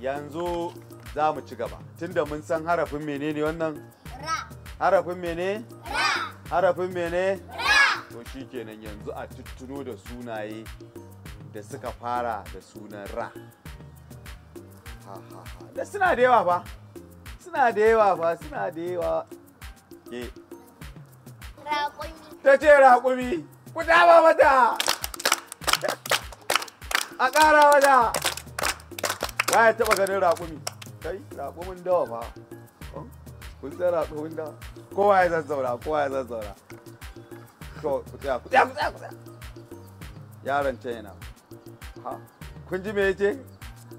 yanzu za mu ci gaba tunda mun san harafin menene wannan ra harafin mene ra harafin mene ra to shikenan yanzu a tuttuno da sunaye da suka fara da sunan ra ha ha ha da suna da yawa fa suna da yawa fa suna da yawa ke raƙumi ta ce raƙumi ku dama mata a ƙara mata ka ya taɓa ganin raƙumi kai raƙumin dawa fa oh, kun san raƙumin dawa kowa ya zazzaura kowa ya zazzaura to ku tsaya ku tsaya ku tsaya ku tsaya yaron can yana ha kun ji me yace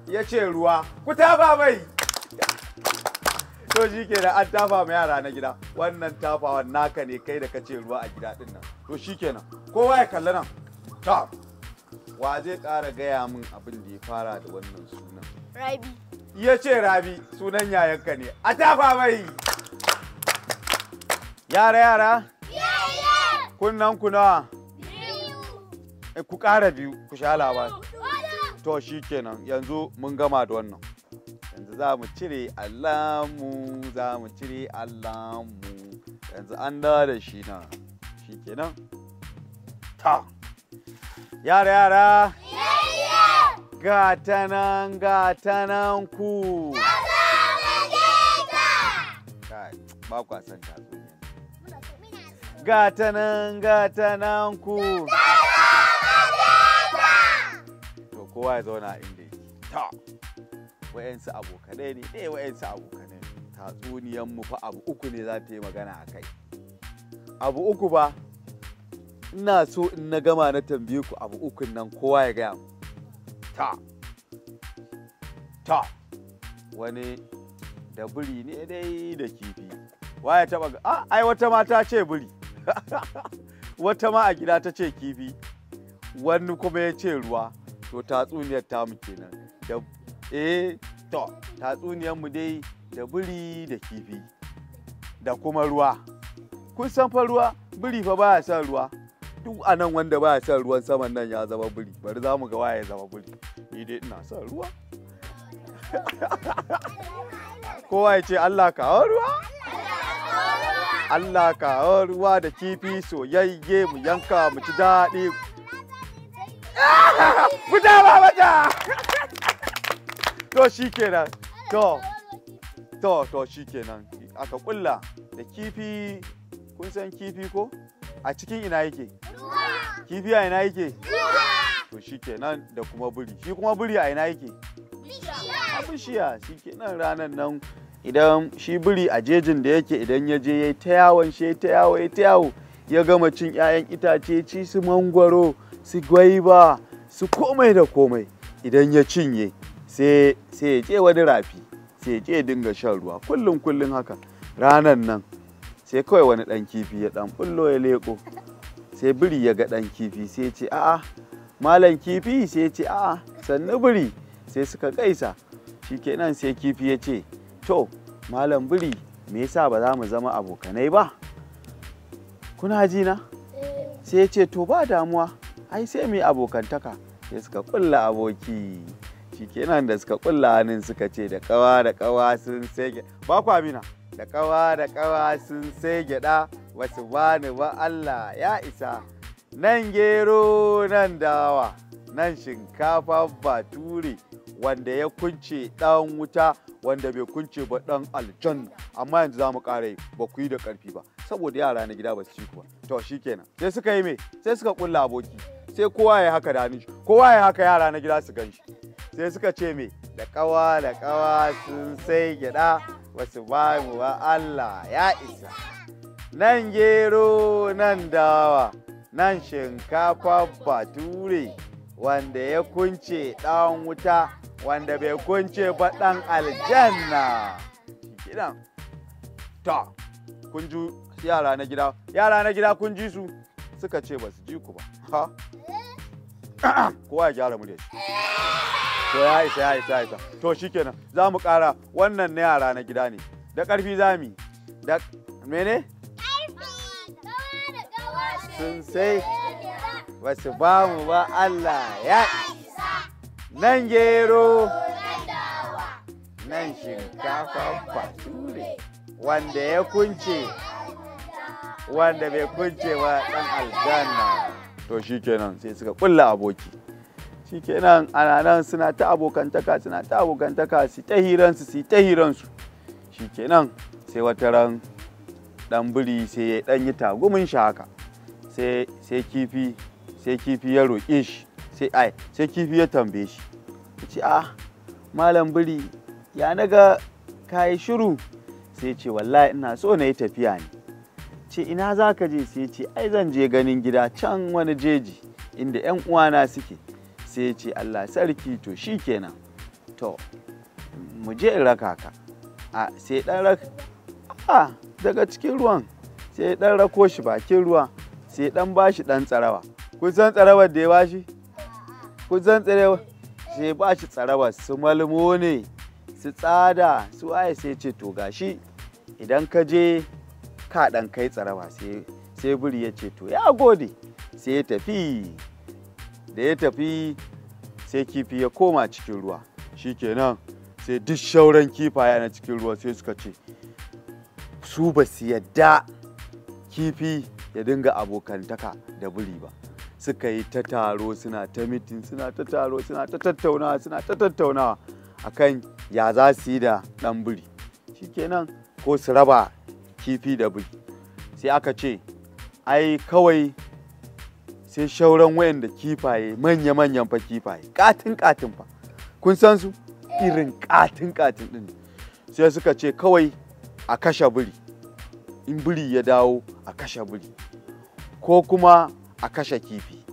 ya ce ruwa ku tafa mai to shi ke da an tafa ma yara na gida wannan tafawan naka ne kai da kace ruwa a gida din nan to shi kenan kowa ya kalli nan ta wa zai ƙara gaya min abin da ya fara da wannan sunan Rabi. Ya ce Rabi sunan yayanka ne. A tafa mai. Yara yara? Yaya. Kunnan ku nawa? Biyu. Eh, ku ƙara biyu ku sha labari. To shi kenan yanzu mun gama da wannan. Yanzu za mu cire Allahnmu za mu cire Allahnmu. Yanzu an da shi na. Shi kenan? Ta. Yara yara? gata nan gata nan ku gata nan gata nan ku to kowa ya zauna inda yake ta wa'yansu abokanai ne ɗaya eh, wa'yansu abokanai tatsuniyan mu fa abu uku ne za ta yi magana a kai abu uku ba ina so in na gama na tambaye ku abu ukun nan kowa ya gaya mu ta ta wani da buri ne dai da kifi waya taba a ah, ai wata ma ta ce buri wata ma a gida ta ce kifi wani kuma ya ce ruwa to tatsuniyar tamu kenan da eh to tatsuniyar mu dai da buri da kifi da kuma ruwa kun san fa ruwa buri fa baya son ruwa duk anan wanda baya son ruwan saman nan ya zama buri bari za mu ga waya ya zama buri dai ina son ruwa kowa ya ce Allah kawo ruwa Allah kawo ruwa da kifi soyayye mu yanka mu ci daɗi fita ba mata to shi kenan to to to shi kenan aka kulla da kifi kun san kifi ko a cikin ina yake kifi a ina yake to nan da kuma buri shi kuma buri a ina yake shi ke nan ranar nan idan shi biri a jejin da yake idan ya je ya yi ta yawon shi ta yawo ya ta yawo ya gama cin 'ya'yan itace ci su mangwaro su gwaiba su komai da komai idan ya cinye sai ya je wani rafi sai ya je dinga shan ruwa kullum kullum haka ranan nan sai kawai wani dan kifi ya dan bullo ya leko sai biri ya ga dan kifi sai ya ce a'a malam kifi sai ya ce a sannu biri sai suka kaisa shikenan sai kifi ya ce to malam biri me yasa ba za mu zama abokanai ba kuna ji na sai ya ce to ba damuwa ai sai mu yi abokantaka sai suka kulla aboki shikenan da suka kulla hannun suka ce da kawa da kawa sun sai ba ku amina da kawa da kawa sun sai gyada wasu bani ba Allah ya isa nan gero nan dawa nan shinkafa bature wanda ya kunce dan wuta wanda bai kunce ba dan aljan amma yanzu za mu ƙara yi ba ku yi da karfi ba saboda yara na gida ba su ci ku ba to shikenan sai suka yi me sai suka kulla aboki sai kowa ya haka da shi kowa ya haka yara na gida su gan shi sai suka ce me da kawa da kawa sun sai gida wasu ba mu ba Allah ya isa nan gero nan dawa nan shinkafa bature wanda ya kunce ɗan wuta wanda bai kunce ba ɗan aljanna kidan ta kunju yara na gida yara na gida kun ji su suka ce ba su ji ku ba ha kowa ya gyara murya shi to ya isa ya isa ya isa to shikenan za mu kara wannan na yara na gida ne da ƙarfi za mu da mene sun sai ba su ba mu ba Allah ya nan gero nan shinkafa ture, wanda ya kunce wanda bai kunce ba dan aljanna to shikenan sai suka kulla aboki shikenan ana nan suna ta abokantaka suna ta abokantaka su ta hiransu su ta hiransu shikenan sai wata ran dan biri sai ya dan yi tagumin shi haka sai kifi sai kifi ya roƙe shi sai ai sai kifi ya tambaye shi ce a ah, malam biri ya na naga kayi shiru sai ce wallahi ina so na yi tafiya ne ce ina za ka je sai ce ai zan je ganin gida can wani jeji inda 'yan uwana suke sai ce allah sarki to shi kenan to mu je in raka ka a sai dan raka a daga cikin ruwan sai dan rako shi bakin ruwa sai dan bashi dan tsarawa kun san tsarawar da ya bashi kun san tsarawar sai bashi tsarawar su malmo ne su tsada su waye sai ce to gashi idan ka je ka dan kai tsarawa sai sai buri ya ce to ya gode sai ya tafi da ya tafi sai kifi ya koma cikin ruwa shikenan sai duk shauran kifaye na cikin ruwa sai suka ce su ba su yadda kifi ya dinga abokantaka da biri ba suka yi ta taro suna ta mitin suna ta taro suna ta tattaunawa suna ta tattaunawa kan ya za su yi da ɗan biri shikenan ko su raba kifi da biri sai aka ce ai kawai sai shauran wayan da kifaye manya-manyan fa kifaye katin-katin fa kun san su irin katin-katin din sai suka ce kawai a kashe biri in biri ya dawo a kashe biri ko kuma a kashe kifi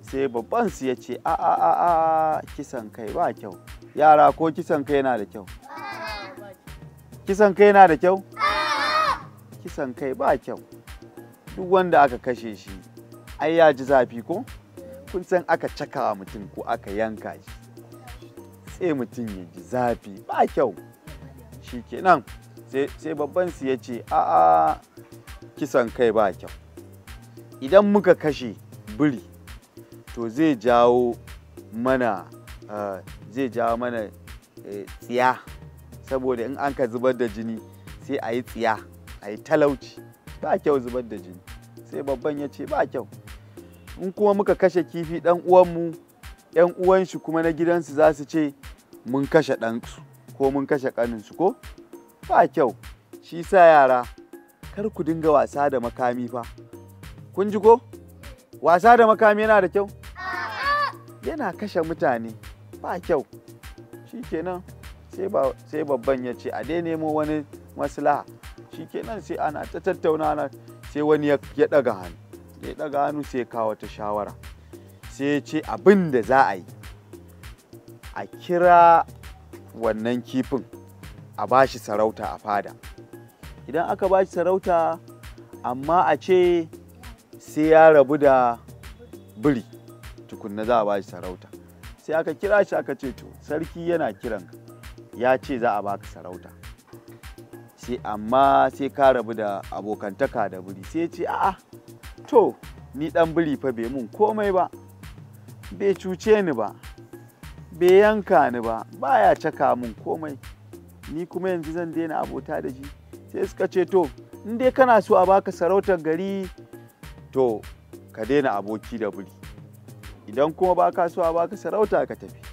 sai babban su ya ce a a a a kisan kai ba kyau yara ko kisan kai yana da kyau kisan kai yana da kyau kisan kai ba kyau duk wanda aka kashe shi ai ya ji zafi ko kun san aka caka mutum ko aka yanka shi sai mutum ya ji zafi ba kyau shi kenan sai babban su ya ce a a kisan kai ba kyau idan muka kashe biri to zai jawo mana eh, zai jawo mana eh, tsiya saboda in an ka zubar da jini sai a yi tsiya a yi talauci ba kyau zubar da jini sai babban ya ce ba kyau in kuma muka kashe kifi dan uwanmu yan uwan kuma na gidansu za su ce mun kashe ɗansu ko mun kashe ƙaninsu ko ba kyau shi sa yara kar ku dinga wasa da makami fa kun ji ko wasa da makami yana da kyau yana kashe mutane ba kyau shikenan sai babban ya ce a dai nemo wani maslaha shikenan sai ana ta tattauna sai wani ya daga hannu ya daga hannu sai kawo ta shawara sai ya ce abin da za a yi a kira wannan kifin a ba shi sarauta a fada idan aka ba shi sarauta amma a ce sai ya rabu da biri tukunna za a ba shi sarauta sai aka kira shi aka ce to sarki yana kiran ya ce za a baka sarauta sai amma sai ka rabu da abokantaka da biri sai ce a'a to ni dan biri fa bai mun komai ba bai cuce ni ba bai yanka ni ba baya caka mun komai ni kuma yanzu zan daina abota da shi sai suka ce to in dai kana so a baka sarautar gari to ka daina aboki da buri idan kuma ba kasuwa ba ka sarauta ka tafi